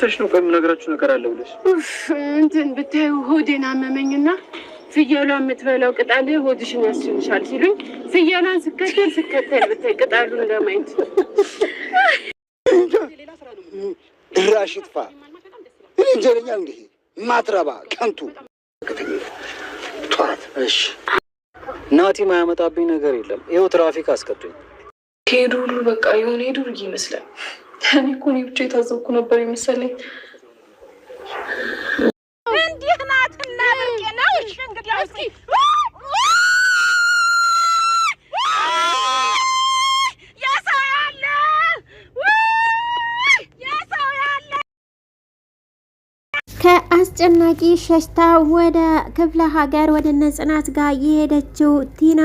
ተፍተሽ ነው ነገራችሁ ነገር አለ ብለሽ እንትን ብታዩ ሆዴን አመመኝና ፍየሏ የምትበላው ቅጠል ሆድሽን ያስችልሻል ሲሉኝ ፍየሏን ስከተል ስከተል ብታይ ቅጠሉ እንደማየት ድራሽ ጥፋ እንጀለኛ እንግዲህ ማትረባ ከንቱ ቷት። እሺ ናቲ ማያመጣብኝ ነገር የለም። ይኸው ትራፊክ አስከቱኝ ሄዱ ሁሉ በቃ የሆነ ሄዱ ይመስላል እኔ እኮ እኔ ብቻ የታዘብኩ ነበር የመሰለኝ። እንዲህ ናት እና ብርቄ ነው። እሺ እንግዲህ አስጨናቂ ሸሽታ ወደ ክፍለ ሀገር ወደ ነጽናት ጋር የሄደችው ቲና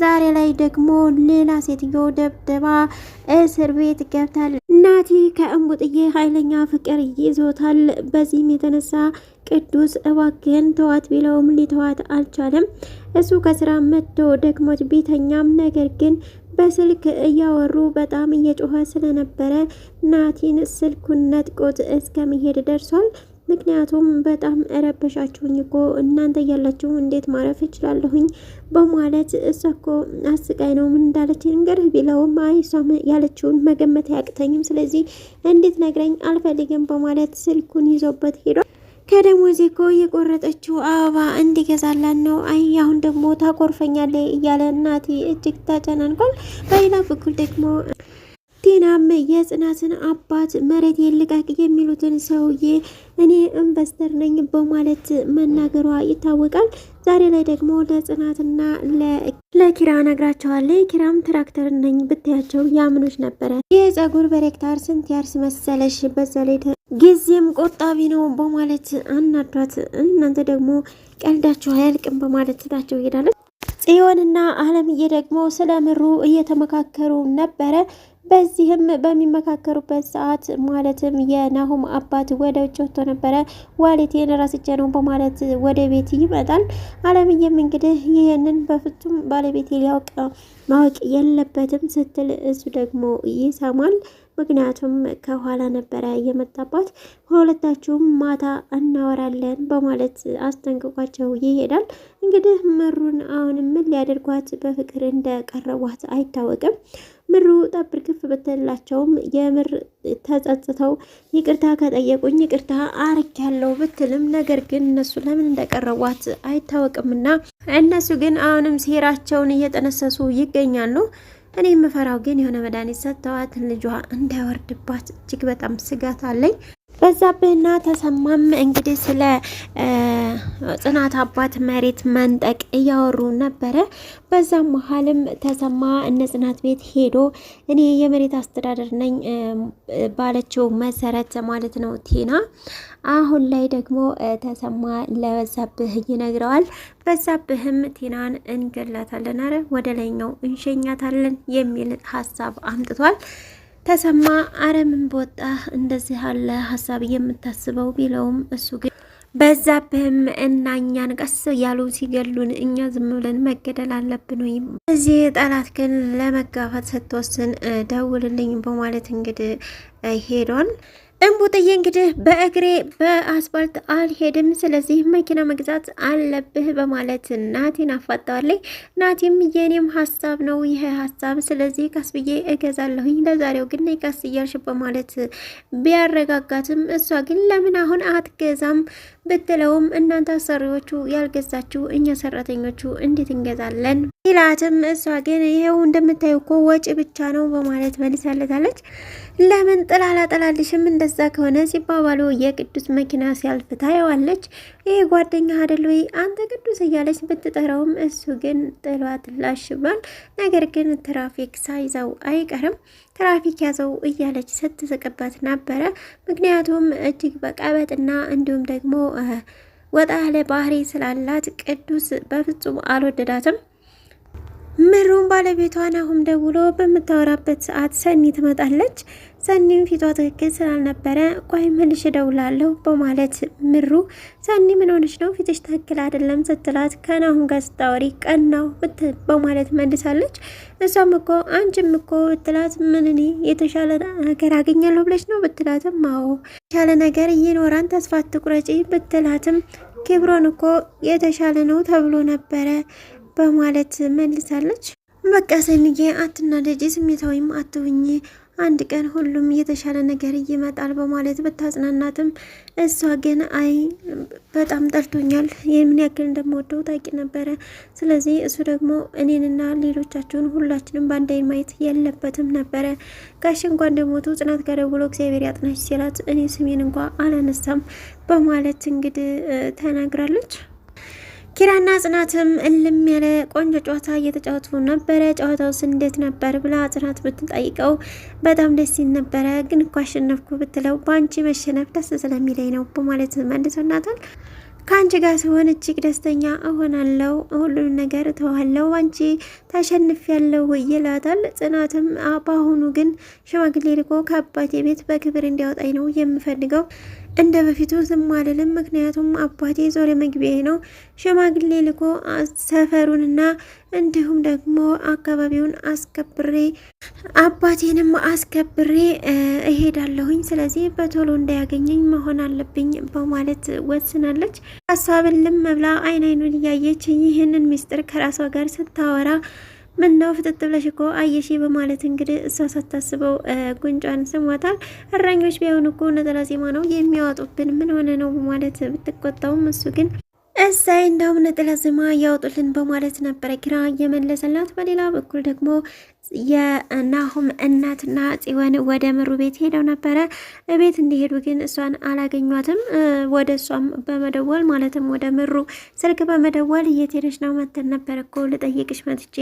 ዛሬ ላይ ደግሞ ሌላ ሴትዮ ደብደባ እስር ቤት ገብታለች። ናቲ ከእንቡጥዬ ኃይለኛ ፍቅር ይዞታል። በዚህም የተነሳ ቅዱስ እባክህን ተዋት ቢለውም ሊተዋት አልቻለም። እሱ ከስራ መጥቶ ደክሞት ቢተኛም ነገር ግን በስልክ እያወሩ በጣም እየጮኸ ስለነበረ ናቲን ስልኩን ነጥቆት እስከመሄድ ደርሷል። ምክንያቱም በጣም ረበሻችሁኝ እኮ እናንተ እያላችሁ እንዴት ማረፍ እችላለሁኝ በማለት እሷ እኮ አስቃይ ነው ምን እንዳለች ንገርህ ቢለውም አይ እሷም ያለችውን መገመት አያቅተኝም ስለዚህ እንዴት ነግረኝ አልፈልግም በማለት ስልኩን ይዞበት ሄዶ ከደሞዜ እኮ የቆረጠችው አበባ እንዲገዛላን ነው። አይ አሁን ደግሞ ታቆርፈኛለ እያለ እናቴ እጅግ ተጨናንቋል። በሌላ በኩል ደግሞ ቲናም የጽናትን አባት መሬት የልቀቅ የሚሉትን ሰውዬ እኔ ኢንቨስተር ነኝ በማለት መናገሯ ይታወቃል። ዛሬ ላይ ደግሞ ለጽናትና ለኪራ ነግራቸዋለች። ኪራም ትራክተር ነኝ ብታያቸው ያምኖች ነበረ። ይህ ጸጉር በሬክታር ስንት ያርስ መሰለሽ? በዛ ላይ ጊዜም ቆጣቢ ነው በማለት አናዷት። እናንተ ደግሞ ቀልዳችሁ አያልቅም በማለት ስታቸው ይሄዳለች። ጽዮንና አለምዬ ደግሞ ስለ ምሩ እየተመካከሩ ነበረ። በዚህም በሚመካከሩበት ሰዓት ማለትም የናሁም አባት ወደ ውጭ ወጥቶ ነበረ። ዋሌቴን ራስቼ ነው በማለት ወደ ቤት ይመጣል። አለምዬም እንግዲህ ይህንን በፍጹም ባለቤቴ ሊያውቅ ማወቅ የለበትም ስትል እሱ ደግሞ ይሰማል። ምክንያቱም ከኋላ ነበረ የመጣባት። ሁለታችሁም ማታ እናወራለን በማለት አስጠንቅቋቸው ይሄዳል። እንግዲህ ምሩን አሁን ምን ሊያደርጓት በፍቅር እንደቀረቧት አይታወቅም። ምሩ ጠብር ክፍ ብትላቸውም የምር ተጸጽተው ይቅርታ ከጠየቁኝ ይቅርታ አርጊያለሁ ብትልም ነገር ግን እነሱ ለምን እንደቀረቧት አይታወቅምና እነሱ ግን አሁንም ሴራቸውን እየጠነሰሱ ይገኛሉ። እኔ የምፈራው ግን የሆነ መድኃኒት ሰጥተዋት ልጇ እንዳይወርድባት እጅግ በጣም ስጋት አለኝ። በዛብህና ተሰማም እንግዲህ ስለ ጽናት አባት መሬት መንጠቅ እያወሩ ነበረ። በዛም መሀልም ተሰማ እነ ጽናት ቤት ሄዶ እኔ የመሬት አስተዳደር ነኝ ባለችው መሰረት ማለት ነው ቴና አሁን ላይ ደግሞ ተሰማ ለበዛብህ ይነግረዋል። በዛብህም ቴናን እንገላታለን፣ አረ ወደ ላይኛው እንሸኛታለን የሚል ሀሳብ አምጥቷል። ተሰማ አረምን በወጣ እንደዚህ ያለ ሀሳብ የምታስበው ቢለውም እሱ ግን በዛብህም እና እኛን ቀስ እያሉ ሲገሉን እኛ ዝም ብለን መገደል አለብን ወይም እዚህ ጠላት ግን ለመጋፈጥ ስትወስን ደውልልኝ በማለት እንግዲህ ሄዶን እንቡጥዬ እንግዲህ በእግሬ በአስፓልት አልሄድም፣ ስለዚህ መኪና መግዛት አለብህ በማለት ናቲን አፋጠዋለኝ። ናቲም የኔም ሀሳብ ነው ይሄ ሀሳብ፣ ስለዚህ ቀስ ብዬ እገዛለሁኝ፣ ለዛሬው ግን ቀስ እያልሽ በማለት ቢያረጋጋትም እሷ ግን ለምን አሁን አትገዛም ብትለውም እናንተ አሰሪዎቹ ያልገዛችሁ እኛ ሰራተኞቹ እንዴት እንገዛለን ይላትም፣ እሷ ግን ይሄው እንደምታዩ እኮ ወጪ ብቻ ነው በማለት መልሳለታለች። ለምን ጥላላ ጠላልሽም እንደዛ ከሆነ ሲባባሉ የቅዱስ መኪና ሲያልፍ ታየዋለች። ይሄ ጓደኛ አደል ወይ አንተ ቅዱስ እያለች ብትጠራውም እሱ ግን ጥሏት ላሽ ብሏል። ነገር ግን ትራፊክ ሳይዛው አይቀርም። ትራፊክ ያዘው እያለች ስትስቅበት ነበረ። ምክንያቱም እጅግ በቀበጥና እንዲሁም ደግሞ ወጣ ያለ ባህሪ ስላላት ቅዱስ በፍጹም አልወደዳትም። ምሩን ባለቤቷን አሁን ደውሎ በምታወራበት ሰዓት ሰኒ ትመጣለች። ሰኒም ፊቷ ትክክል ስላልነበረ ቆይ መልሽ እደውላለሁ በማለት ምሩ ሰኒ ምን ሆነች ነው ፊትሽ ትክክል አይደለም ስትላት ከናሁን ጋር ስታወሪ ቀናው በማለት መልሳለች። እሷም እኮ አንቺም እኮ ብትላት ምን እኔ የተሻለ ነገር አገኛለሁ ብለች ነው ብትላትም አዎ የተሻለ ነገር ይኖራን ተስፋ ትቁረጪ ብትላትም ኬብሮን እኮ የተሻለ ነው ተብሎ ነበረ በማለት መልሳለች። በቃ ሰንዬ አትናደጂ፣ ስሜታዊም አትሁኝ፣ አንድ ቀን ሁሉም የተሻለ ነገር ይመጣል በማለት ብታጽናናትም እሷ ግን አይ በጣም ጠልቶኛል፣ ምን ያክል እንደምወደው ታውቂ ነበረ። ስለዚህ እሱ ደግሞ እኔንና ሌሎቻችሁን ሁላችንም በአንድ ማየት የለበትም ነበረ። ጋሽ እንኳ እንደሞቱ ጽናት ጋር ደውሎ እግዚአብሔር ያጥናች ሲላት እኔ ስሜን እንኳ አላነሳም በማለት እንግዲህ ተናግራለች። ኪራና ጽናትም እልም ያለ ቆንጆ ጨዋታ እየተጫወቱ ነበረ። ጨዋታውስ እንዴት ነበር ብላ ጽናት ብትጠይቀው በጣም ደስ ይል ነበረ፣ ግን እኮ አሸነፍኩ ብትለው በአንቺ መሸነፍ ደስ ስለሚለኝ ነው በማለት መልሶላታል። ከአንቺ ጋር ሲሆን እጅግ ደስተኛ እሆናለሁ፣ ሁሉን ነገር እተዋለሁ፣ አንቺ ተሸንፍ ያለው ይላታል። ጽናትም በአሁኑ ግን ሽማግሌ ልኮ ከአባቴ ቤት በክብር እንዲያወጣኝ ነው የምፈልገው እንደ በፊቱ ዝም አልልም፣ ምክንያቱም አባቴ ዞር መግቢያ ነው። ሽማግሌ ልኮ ሰፈሩንና እንዲሁም ደግሞ አካባቢውን አስከብሬ አባቴንም አስከብሬ እሄዳለሁኝ። ስለዚህ በቶሎ እንዳያገኘኝ መሆን አለብኝ በማለት ወስናለች። ሀሳብን ልም ብላ አይን አይኑን እያየች ይህንን ሚስጥር ከራሷ ጋር ስታወራ ምን ነው ፍጥጥ ብለሽ እኮ አየሽ በማለት እንግዲህ እሷ ሳታስበው ጉንጫን ስሟታል። እረኞች ቢሆን እኮ ነጠላ ዜማ ነው የሚያወጡብን ምን ሆነ ነው በማለት ብትቆጣውም እሱ ግን እሳይ እንደውም ነጠላ ዜማ ያወጡልን በማለት ነበረ ኪራ እየመለሰላት። በሌላ በኩል ደግሞ የናሁም እናትና ጽዮን ወደ ምሩ ቤት ሄደው ነበረ። ቤት እንዲሄዱ ግን እሷን አላገኟትም። ወደ እሷም በመደወል ማለትም ወደ ምሩ ስልክ በመደወል የት ነው? መተን ነበር እኮ ልጠይቅሽ መጥቼ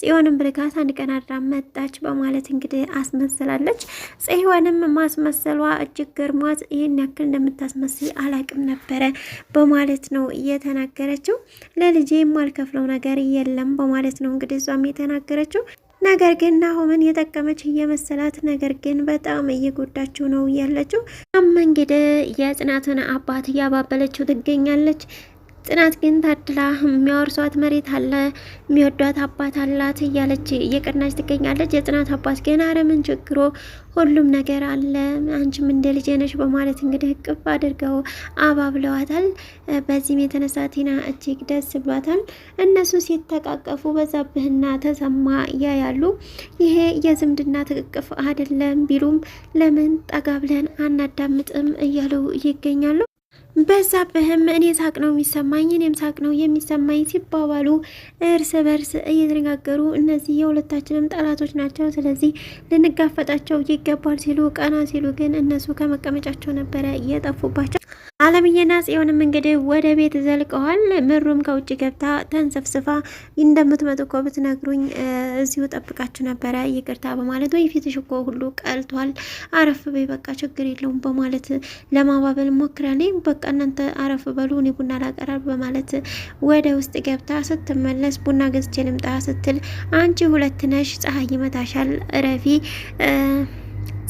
ጽዮንም ብርጋት አንድ ቀን አድራ መጣች በማለት እንግዲህ አስመስላለች። ጽዮንም ማስመሰሏ እጅግ ገርሟት ይህን ያክል እንደምታስመስል አላቅም ነበረ በማለት ነው እየተናገረችው ለልጄ ማልከፍለው ነገር የለም በማለት ነው እንግዲህ እሷም የተናገረችው። ነገር ግን ናሆምን የጠቀመች እየመሰላት ነገር ግን በጣም እየጎዳችው ነው ያለችው። አም እንግዲህ የጽናትን አባት እያባበለችው ትገኛለች። ጽናት ግን ታድላ የሚያወርሷት መሬት አለ፣ የሚወዷት አባት አላት እያለች እየቀናች ትገኛለች። የጽናት አባት ግን አረምን ችግሮ ሁሉም ነገር አለ፣ አንቺም እንደ ልጅ ነሽ በማለት እንግዲህ እቅፍ አድርገው አባብለዋታል። በዚህም የተነሳ ቲና እጅግ ደስ ብሏታል። እነሱ ሲተቃቀፉ በዛብህና ተሰማ ያያሉ ይሄ የዝምድና ትቅቅፍ አይደለም ቢሉም ለምን ጠጋ ብለን አናዳምጥም እያሉ ይገኛሉ። በዛብህም እኔ ሳቅ ነው የሚሰማኝ እኔም ሳቅ ነው የሚሰማኝ ሲባባሉ እርስ በርስ እየተነጋገሩ እነዚህ የሁለታችንም ጠላቶች ናቸው፣ ስለዚህ ልንጋፈጣቸው ይገባል ሲሉ ቀና ሲሉ ግን እነሱ ከመቀመጫቸው ነበረ እየጠፉባቸው አለምዬና ጽዮንም እንግዲህ ወደ ቤት ዘልቀዋል። ምሩም ከውጭ ገብታ ተንሰፍስፋ እንደምትመጡ እኮ ብትነግሩኝ እዚሁ ጠብቃችሁ ነበረ ይቅርታ በማለት ወይ ፊትሽ እኮ ሁሉ ቀልቷል፣ አረፍ በይ በቃ ችግር የለውም በማለት ለማባበል ሞክራለች። በቃ እናንተ አረፍ በሉ እኔ ቡና ላቀራል በማለት ወደ ውስጥ ገብታ ስትመለስ ቡና ገዝቼ ልምጣ ስትል አንቺ ሁለት ነሽ፣ ፀሐይ ይመታሻል እረፊ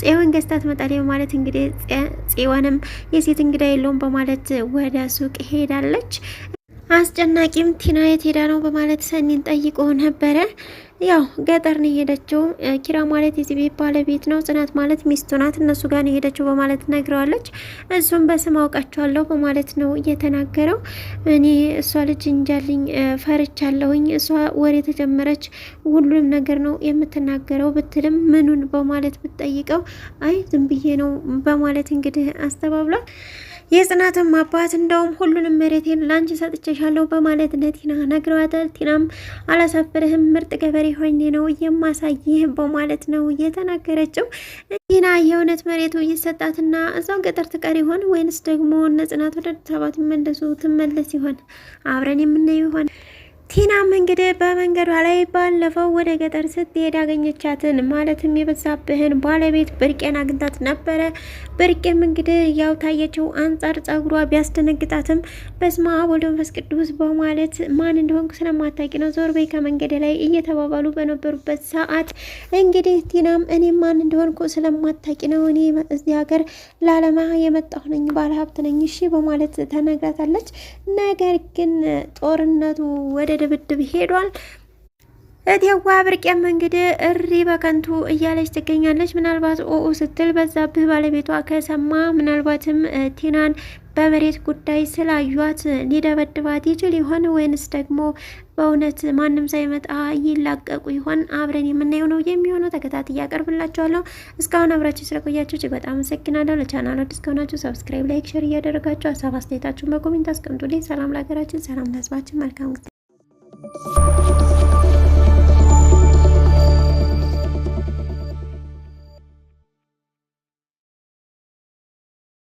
ጽዮን ገዝታ ትመጣለች በማለት እንግዲህ ጽዮንም የሴት እንግዳ የለውም በማለት ወደ ሱቅ ሄዳለች። አስጨናቂም ቲና የት ሄዳ ነው በማለት ሰኒን ጠይቆ ነበረ። ያው ገጠር ነው የሄደችው። ኪራ ማለት የዚህ ቤት ባለቤት ነው፣ ጽናት ማለት ሚስቱ ናት፣ እነሱ ጋር ነው የሄደችው በማለት ነግረዋለች። እሱም በስም አውቃቸዋለሁ በማለት ነው እየተናገረው። እኔ እሷ ልጅ እንጃልኝ ፈርቻለሁኝ፣ እሷ ወሬ ተጀመረች፣ ሁሉንም ነገር ነው የምትናገረው ብትልም ምኑን በማለት ብትጠይቀው አይ ዝም ብዬ ነው በማለት እንግዲህ አስተባብሏል። የጽናትም አባት እንደውም ሁሉንም መሬቴን ላንቺ ሰጥቼሻለሁ በማለት ለቲና ነግረዋታል። ቲናም አላሳፍርህም፣ ምርጥ ገበሬ ሆኜ ነው የማሳይህ በማለት ነው እየተናገረችው። ቲና የእውነት መሬቱ ይሰጣትና እዛው ገጠር ትቀር ይሆን ወይንስ ደግሞ እነ ጽናት ወደ አዲስ አበባ ትመለሱ ትመለስ ይሆን? አብረን የምናየው ይሆን? ቲናም እንግዲህ በመንገዷ ላይ ባለፈው ወደ ገጠር ስትሄድ ያገኘቻትን ማለትም የበዛብህን ባለቤት ብርቄን አግኝታት ነበረ። ብርቄም እንግዲህ ያው ታየችው አንጻር ጸጉሯ ቢያስደነግጣትም በስመ አብ ወወልድ ወመንፈስ ቅዱስ በማለት ማን እንደሆንኩ ስለማታቂ ነው ዞር በይ ከመንገድ ላይ እየተባባሉ በነበሩበት ሰዓት እንግዲህ ቲናም እኔ ማን እንደሆንኩ ስለማታቂ ነው እኔ እዚህ ሀገር ላለማ የመጣሁ ነኝ ባለሀብት ነኝ እሺ በማለት ተነግራታለች። ነገር ግን ጦርነቱ ወደ ድብድብ ሄዷል። እቴዋ ብርቄም እንግዲህ እሪ በከንቱ እያለች ትገኛለች። ምናልባት ኦኡ ስትል በዛብህ ባለቤቷ ከሰማ ምናልባትም ቲናን በመሬት ጉዳይ ስላዩት ሊደበድባት ይችል ይሆን ወይንስ ደግሞ በእውነት ማንም ሳይመጣ ይላቀቁ ይሆን? አብረን የምናየው ነው የሚሆነው። ተከታት አቀርብላችኋለሁ። እስካሁን አብራችሁ ስለቆያችሁ እጅግ በጣም አመሰግናለሁ። ለቻናሉ አዲስ ከሆናችሁ ሰብስክራይብ፣ ላይክ፣ ሼር እያደረጋችሁ ሀሳብ አስተያየታችሁን በኮሜንት አስቀምጡልኝ። ሰላም ለሀገራችን፣ ሰላም ለህዝባችን። መልካም ጊዜ Bye.